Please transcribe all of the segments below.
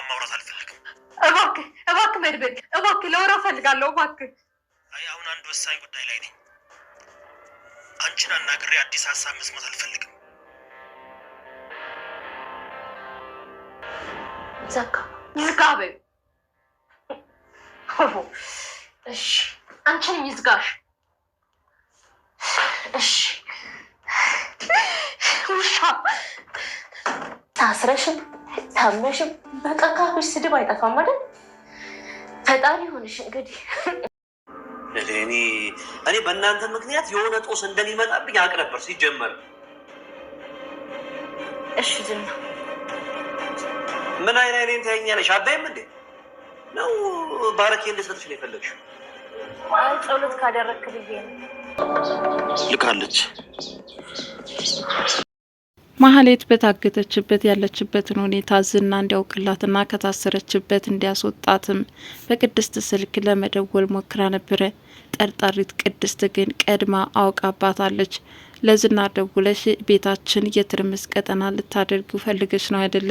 እሷን ማውራት አልፈልግም። እባክ እባክ መድብል እባክ ለወራ ፈልጋለሁ። እባክ አይ አሁን አንድ ወሳኝ ጉዳይ ላይ ነኝ። አንቺን አናግሬ አዲስ ሀሳብ መስማት አልፈልግም። ዘጋ ዝጋ በይው። እሺ አንቺንም ይዝጋሽ። እሺ ውሻ ታስረሽን ታመሽም በቃ ካፍሽ ስድብ አይጠፋም አይደል? ፈጣሪ ሆንሽ እንግዲህ። እኔ በእናንተ ምክንያት የሆነ ጦስ እንደሚመጣብኝ አውቅ ነበር ሲጀመር። እሺ ዝም ነው። ምን አይነ እኔን ታየኛለሽ? አባይም እንዴ ነው ባረኬ እንድሰጥሽ ነው የፈለግሽው? ጸሎት ካደረግክ ብዬ ልካለች ማህሌት በታገተችበት ያለችበትን ሁኔታ ዝና እንዲያውቅላትና ከታሰረችበት እንዲያስወጣትም በቅድስት ስልክ ለመደወል ሞክራ ነበረ። ጠርጣሪት ቅድስት ግን ቀድማ አውቃባታለች። ለዝና ደውለሽ ቤታችን የትርምስ ቀጠና ልታደርጉ ፈልገች ነው አይደለ?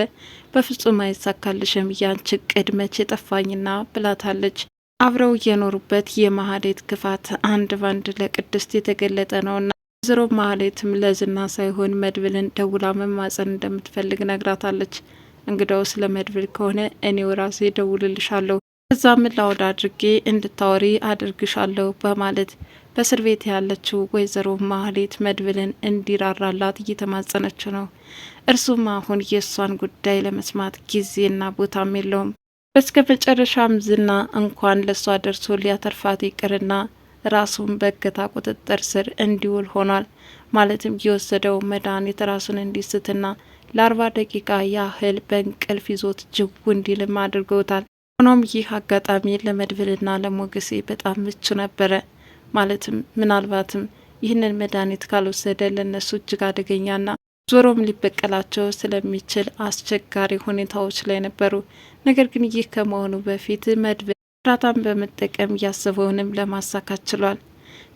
በፍጹም አይሳካልሽም፣ ያንቺ ቅድመች የጠፋኝና ብላታለች። አብረው የኖሩበት የማህሌት ክፋት አንድ ባንድ ለቅድስት የተገለጠ ነውና ወይዘሮ ማህሌትም ለዝና ሳይሆን መድብልን ደውላ መማጸን እንደምትፈልግ ነግራታለች። እንግዳው ስለ መድብል ከሆነ እኔው ራሴ ደውልልሻለሁ፣ ከዛም ላውድ አድርጌ እንድታወሪ አድርግሻለሁ በማለት በእስር ቤት ያለችው ወይዘሮ ማህሌት መድብልን እንዲራራላት እየተማጸነች ነው። እርሱም አሁን የእሷን ጉዳይ ለመስማት ጊዜና ቦታም የለውም። በስከ መጨረሻም ዝና እንኳን ለእሷ ደርሶ ሊያተርፋት ይቅርና ራሱን በእገታ ቁጥጥር ስር እንዲውል ሆኗል። ማለትም የወሰደው መድኃኒት ራሱን እንዲስትና ለአርባ ደቂቃ ያህል በእንቅልፍ ይዞት ጅቡ እንዲልም አድርገውታል። ሆኖም ይህ አጋጣሚ ለመድብልና ለሞገሴ በጣም ምቹ ነበረ። ማለትም ምናልባትም ይህንን መድኃኒት ካልወሰደ ለእነሱ እጅግ አደገኛና ዞሮም ሊበቀላቸው ስለሚችል አስቸጋሪ ሁኔታዎች ላይ ነበሩ። ነገር ግን ይህ ከመሆኑ በፊት መድብል እርዳታን በመጠቀም እያሰበውንም ለማሳካት ችሏል።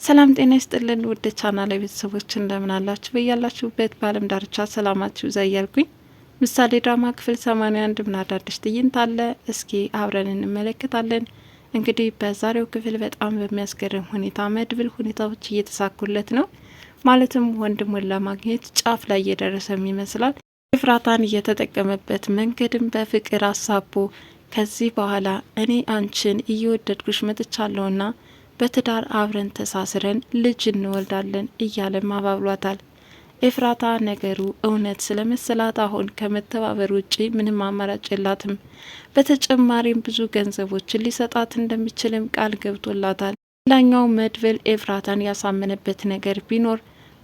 ሰላም ጤና ይስጥልን ውድ ቻናል ቤተሰቦች እንደምን አላችሁ? በያላችሁበት በዓለም ዳርቻ ሰላማችሁ ይብዛ እያልኩኝ ምሳሌ ድራማ ክፍል ሰማንያ አንድ ምን አዳዲስ ትዕይንት አለ? እስኪ አብረን እንመለከታለን። እንግዲህ በዛሬው ክፍል በጣም በሚያስገርም ሁኔታ መድብል ሁኔታዎች እየተሳኩለት ነው። ማለትም ወንድሙን ለማግኘት ጫፍ ላይ እየደረሰም ይመስላል። ኤፍራታን እየተጠቀመበት መንገድም በፍቅር አሳቦ ከዚህ በኋላ እኔ አንቺን እየወደድኩሽ መጥቻለሁና በትዳር አብረን ተሳስረን ልጅ እንወልዳለን እያለም አባብሏታል። ኤፍራታ ነገሩ እውነት ስለመሰላት አሁን ከመተባበር ውጪ ምንም አማራጭ የላትም። በተጨማሪም ብዙ ገንዘቦችን ሊሰጣት እንደሚችልም ቃል ገብቶላታል። ሌላኛው መድብል ኤፍራታን ያሳመነበት ነገር ቢኖር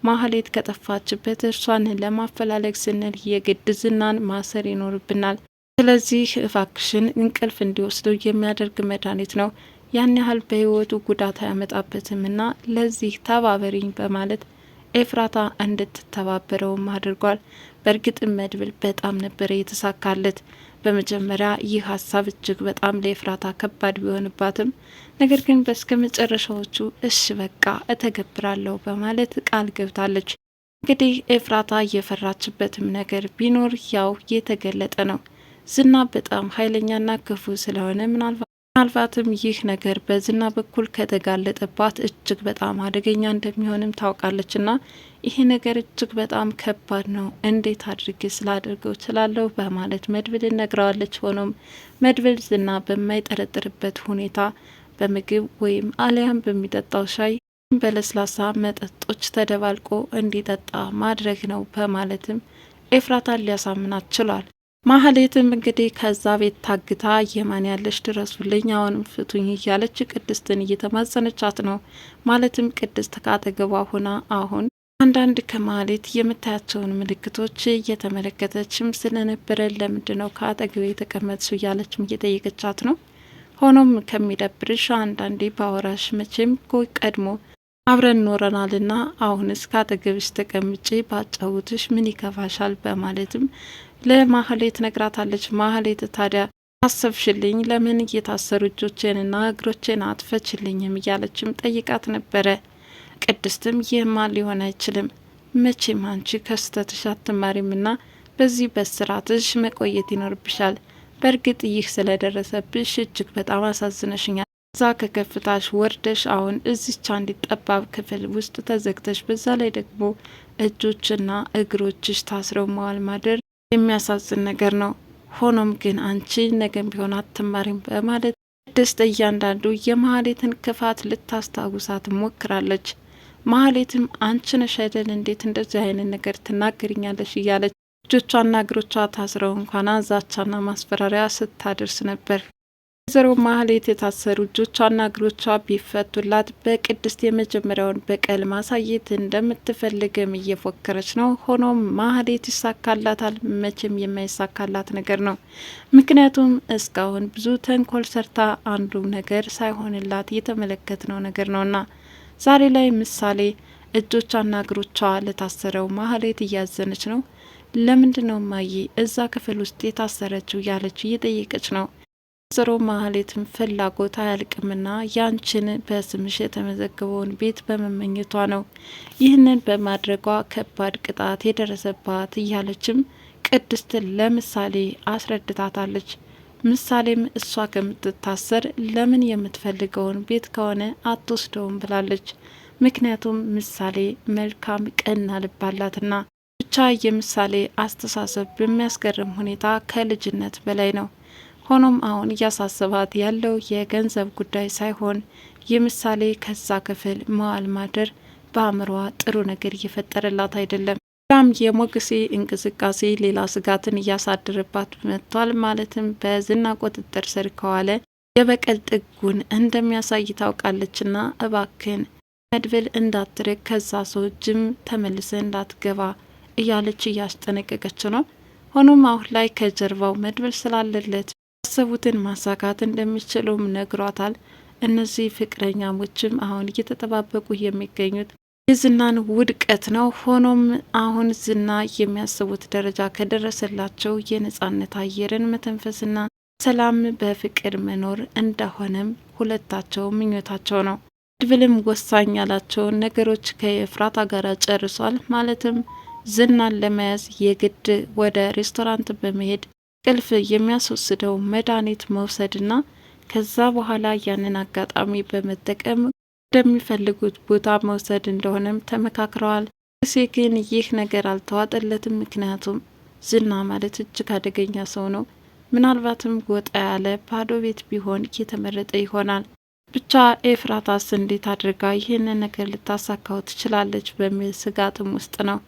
ማህሌት ከጠፋችበት እርሷን ለማፈላለግ ስንል የግድ ዝናን ማሰር ይኖርብናል ስለዚህ እባክሽን እንቅልፍ እንዲወስደው የሚያደርግ መድኃኒት ነው። ያን ያህል በህይወቱ ጉዳት አያመጣበትም እና ለዚህ ተባበሪኝ በማለት ኤፍራታ እንድትተባበረውም አድርጓል። በእርግጥም መድብል በጣም ነበረ የተሳካለት። በመጀመሪያ ይህ ሀሳብ እጅግ በጣም ለኤፍራታ ከባድ ቢሆንባትም ነገር ግን በስከ መጨረሻዎቹ እሽ በቃ እተገብራለሁ በማለት ቃል ገብታለች። እንግዲህ ኤፍራታ እየፈራችበትም ነገር ቢኖር ያው የተገለጠ ነው። ዝና በጣም ኃይለኛና ክፉ ስለሆነ ምናልባትም ይህ ነገር በዝና በኩል ከተጋለጠባት እጅግ በጣም አደገኛ እንደሚሆንም ታውቃለችና ይሄ ነገር እጅግ በጣም ከባድ ነው፣ እንዴት አድርጌ ስላደርገው ችላለሁ? በማለት መድብል ነግረዋለች። ሆኖም መድብል ዝና በማይጠረጥርበት ሁኔታ በምግብ ወይም አሊያም በሚጠጣው ሻይ በለስላሳ መጠጦች ተደባልቆ እንዲጠጣ ማድረግ ነው በማለትም ኤፍራታን ሊያሳምናት ችሏል። ማህሌትም እንግዲህ ከዛ ቤት ታግታ የማን ያለሽ ድረሱልኝ፣ አሁንም ፍቱኝ እያለች ቅድስትን እየተማጸነቻት ነው። ማለትም ቅድስት ካጠገቧ ሆና አሁን አንዳንድ ከማህሌት የምታያቸውን ምልክቶች እየተመለከተችም ስለነበረ ለምንድ ነው ከአጠገቤ የተቀመጥሽው እያለችም እየጠየቀቻት ነው። ሆኖም ከሚደብርሽ አንዳንዴ ባወራሽ መቼም ቀድሞ አብረን ኖረናልና አሁንስ ካጠገብሽ ተቀምጬ ባጫውትሽ ምን ይከፋሻል? በማለትም ለማህሌት ነግራታለች። ማህሌት ታዲያ አሰብሽልኝ ለምን እየታሰሩ እጆቼንና እግሮቼን አትፈችልኝም እያለችም ጠይቃት ነበረ። ቅድስትም ይህማ ሊሆን አይችልም፣ መቼም አንቺ ከስተትሽ አትማሪምና በዚህ በስራትሽ መቆየት ይኖርብሻል። በእርግጥ ይህ ስለደረሰብሽ እጅግ በጣም አሳዝነሽኛል። እዛ ከከፍታሽ ወርደሽ አሁን እዚች አንዲት ጠባብ ክፍል ውስጥ ተዘግተሽ፣ በዛ ላይ ደግሞ እጆችና እግሮችሽ ታስረው መዋል ማደር የሚያሳዝን ነገር ነው። ሆኖም ግን አንቺ ነገም ቢሆን አትማሪም በማለት ቅድስት እያንዳንዱ የማህሌትን ክፋት ልታስታውሳት ሞክራለች። ማህሌትም አንቺ ነሽ አይደል እንዴት እንደዚህ አይነት ነገር ትናገርኛለች እያለች እጆቿና እግሮቿ ታስረው እንኳን አዛቻና ማስፈራሪያ ስታደርስ ነበር። ወይዘሮ ማህሌት የታሰሩ እጆቿና እግሮቿ ቢፈቱላት በቅድስት የመጀመሪያውን በቀል ማሳየት እንደምትፈልግም እየፎከረች ነው። ሆኖም ማህሌት ይሳካላታል መቼም የማይሳካላት ነገር ነው። ምክንያቱም እስካሁን ብዙ ተንኮል ሰርታ አንዱ ነገር ሳይሆንላት የተመለከትነው ነገር ነውና ዛሬ ላይ ምሳሌ እጆቿና እግሮቿ ለታሰረው ማህሌት እያዘነች ነው። ለምንድን ነው ማዬ እዛ ክፍል ውስጥ የታሰረችው? ያለችው እየጠየቀች ነው ወይዘሮ ማህሌትን ፍላጎት አያልቅምና ያንችን በስምሽ የተመዘገበውን ቤት በመመኘቷ ነው። ይህንን በማድረጓ ከባድ ቅጣት የደረሰባት እያለችም ቅድስትን ለምሳሌ አስረድታታለች። ምሳሌም እሷ ከምትታሰር ለምን የምትፈልገውን ቤት ከሆነ አትወስደውም ብላለች። ምክንያቱም ምሳሌ መልካም ቀና ልብ አላትና ብቻ የምሳሌ አስተሳሰብ በሚያስገርም ሁኔታ ከልጅነት በላይ ነው። ሆኖም አሁን እያሳሰባት ያለው የገንዘብ ጉዳይ ሳይሆን የምሳሌ ከዛ ክፍል መዋል ማደር በአእምሯ ጥሩ ነገር እየፈጠረላት አይደለም። ራም የሞገሴ እንቅስቃሴ ሌላ ስጋትን እያሳደረባት መጥቷል። ማለትም በዝና ቁጥጥር ስር ከዋለ የበቀል ጥጉን እንደሚያሳይ ታውቃለችና እባክን መድብል እንዳትርቅ፣ ከዛ ሰው ጅም ተመልሰ እንዳትገባ እያለች እያስጠነቀቀች ነው። ሆኖም አሁን ላይ ከጀርባው መድብል ስላለለት ያሰቡትን ማሳካት እንደሚችሉም ነግሯታል። እነዚህ ፍቅረኛሞችም አሁን እየተጠባበቁ የሚገኙት የዝናን ውድቀት ነው። ሆኖም አሁን ዝና የሚያስቡት ደረጃ ከደረሰላቸው የነጻነት አየርን መተንፈስና ሰላም በፍቅር መኖር እንደሆነም ሁለታቸው ምኞታቸው ነው። ድብልም ወሳኝ ያላቸውን ነገሮች ከኤፍራታ ጋር ጨርሷል። ማለትም ዝናን ለመያዝ የግድ ወደ ሬስቶራንት በመሄድ ቅልፍ የሚያስወስደው መድኃኒት መውሰድና ከዛ በኋላ ያንን አጋጣሚ በመጠቀም ወደሚፈልጉት ቦታ መውሰድ እንደሆነም ተመካክረዋል። ንጉሴ ግን ይህ ነገር አልተዋጠለትም። ምክንያቱም ዝና ማለት እጅግ አደገኛ ሰው ነው። ምናልባትም ወጣ ያለ ባዶ ቤት ቢሆን እየተመረጠ ይሆናል። ብቻ ኤፍራታስ እንዴት አድርጋ ይህንን ነገር ልታሳካው ትችላለች በሚል ስጋትም ውስጥ ነው።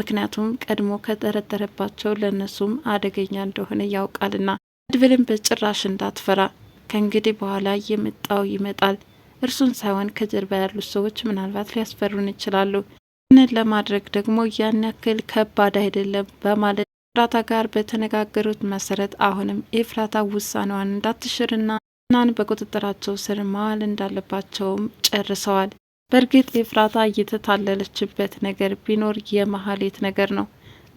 ምክንያቱም ቀድሞ ከጠረጠረባቸው ለእነሱም አደገኛ እንደሆነ ያውቃልና መድብልን በጭራሽ እንዳትፈራ። ከእንግዲህ በኋላ የመጣው ይመጣል። እርሱን ሳይሆን ከጀርባ ያሉት ሰዎች ምናልባት ሊያስፈሩን ይችላሉ። ይህንን ለማድረግ ደግሞ ያን ያክል ከባድ አይደለም በማለት ኤፍራታ ጋር በተነጋገሩት መሰረት አሁንም ኤፍራታ ውሳኔዋን እንዳትሽርና ናን በቁጥጥራቸው ስር መዋል እንዳለባቸውም ጨርሰዋል። በእርግጥ ኤፍራታ እየተታለለችበት ነገር ቢኖር የመሀሌት ነገር ነው።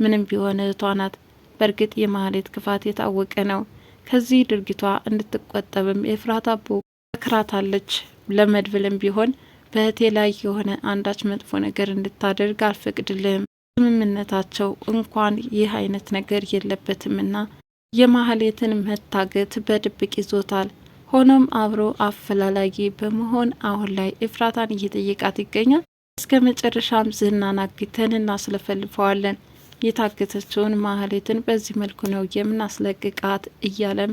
ምንም ቢሆን እህቷ ናት። በእርግጥ የመሀሌት ክፋት የታወቀ ነው። ከዚህ ድርጊቷ እንድትቆጠብም ኤፍራታ በክራታለች። ለመድብልም ቢሆን በእህቴ ላይ የሆነ አንዳች መጥፎ ነገር እንድታደርግ አልፈቅድልህም። ስምምነታቸው እንኳን ይህ አይነት ነገር የለበትምና የማህሌትን መታገት በድብቅ ይዞታል። ሆኖም አብሮ አፈላላጊ በመሆን አሁን ላይ እፍራታን እየጠየቃት ይገኛል። እስከ መጨረሻም ዝናን አግተን እናስለፈልፈዋለን የታገተችውን ማህሌትን በዚህ መልኩ ነው የምናስለቅቃት እያለም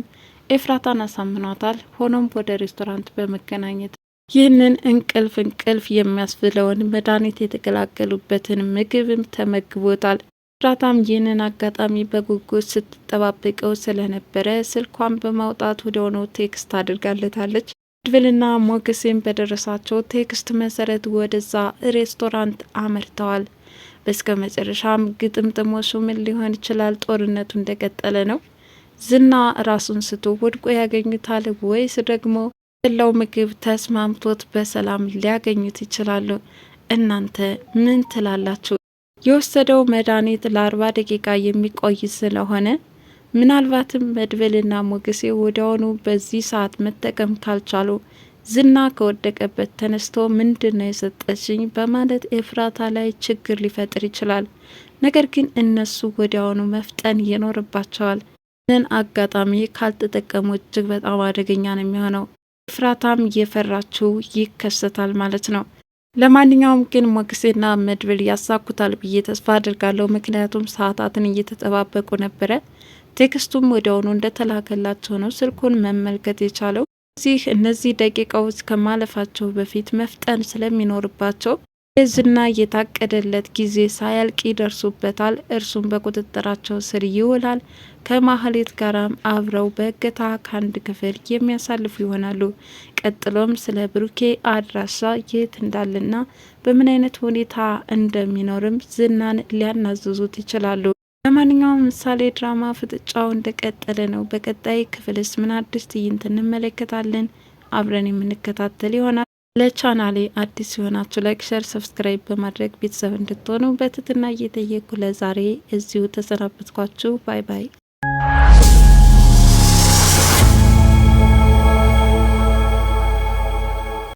ኤፍራታን አሳምኗታል። ሆኖም ወደ ሬስቶራንት በመገናኘት ይህንን እንቅልፍ እንቅልፍ የሚያስብለውን መድኃኒት የተቀላቀሉበትን ምግብም ተመግቦታል። ኤፍራታም ይህንን አጋጣሚ በጉጉት ስትጠባበቀው ስለነበረ ስልኳን በማውጣት ወደሆነ ቴክስት አድርጋለታለች። ድብልና ሞገሴን በደረሳቸው ቴክስት መሰረት ወደዛ ሬስቶራንት አመርተዋል። በስከ መጨረሻም ግጥምጥሞሹ ምን ሊሆን ይችላል? ጦርነቱ እንደቀጠለ ነው። ዝና ራሱን ስቶ ወድቆ ያገኙታል ወይስ ደግሞ ያለው ምግብ ተስማምቶት በሰላም ሊያገኙት ይችላሉ? እናንተ ምን ትላላችሁ? የወሰደው መድኃኒት ለአርባ ደቂቃ የሚቆይ ስለሆነ ምናልባትም መድበልና ሞገሴ ወዲያውኑ በዚህ ሰዓት መጠቀም ካልቻሉ ዝና ከወደቀበት ተነስቶ ምንድን ነው የሰጠችኝ በማለት ኤፍራታ ላይ ችግር ሊፈጥር ይችላል። ነገር ግን እነሱ ወዲያውኑ መፍጠን ይኖርባቸዋል። ይህንን አጋጣሚ ካልተጠቀሙ እጅግ በጣም አደገኛ ነው የሚሆነው። ኤፍራታም የፈራችው ይከሰታል ማለት ነው። ለማንኛውም ግን ሞገሴና መድብል ያሳኩታል ብዬ ተስፋ አድርጋለሁ። ምክንያቱም ሰዓታትን እየተጠባበቁ ነበረ። ቴክስቱም ወዲያውኑ እንደተላከላቸው ነው ስልኩን መመልከት የቻለው። እዚህ እነዚህ ደቂቃዎች ከማለፋቸው በፊት መፍጠን ስለሚኖርባቸው የዝና የታቀደለት ጊዜ ሳያልቅ ይደርሱበታል። እርሱም በቁጥጥራቸው ስር ይውላል። ከማህሌት ጋራም አብረው በእገታ ከአንድ ክፍል የሚያሳልፉ ይሆናሉ። ቀጥሎም ስለ ብሩኬ አድራሻ የት እንዳለና በምን አይነት ሁኔታ እንደሚኖርም ዝናን ሊያናዝዙት ይችላሉ። ለማንኛውም ምሳሌ ድራማ ፍጥጫው እንደቀጠለ ነው። በቀጣይ ክፍልስ ምን አዲስ ትዕይንት እንመለከታለን? አብረን የምንከታተል ይሆናል። ለቻናሌ አዲስ የሆናችሁ ላይክ፣ ሸር፣ ሰብስክራይብ በማድረግ ቤተሰብ እንድትሆኑ በትህትና እየጠየቅኩ ለዛሬ እዚሁ ተሰናበትኳችሁ። ባይ ባይ።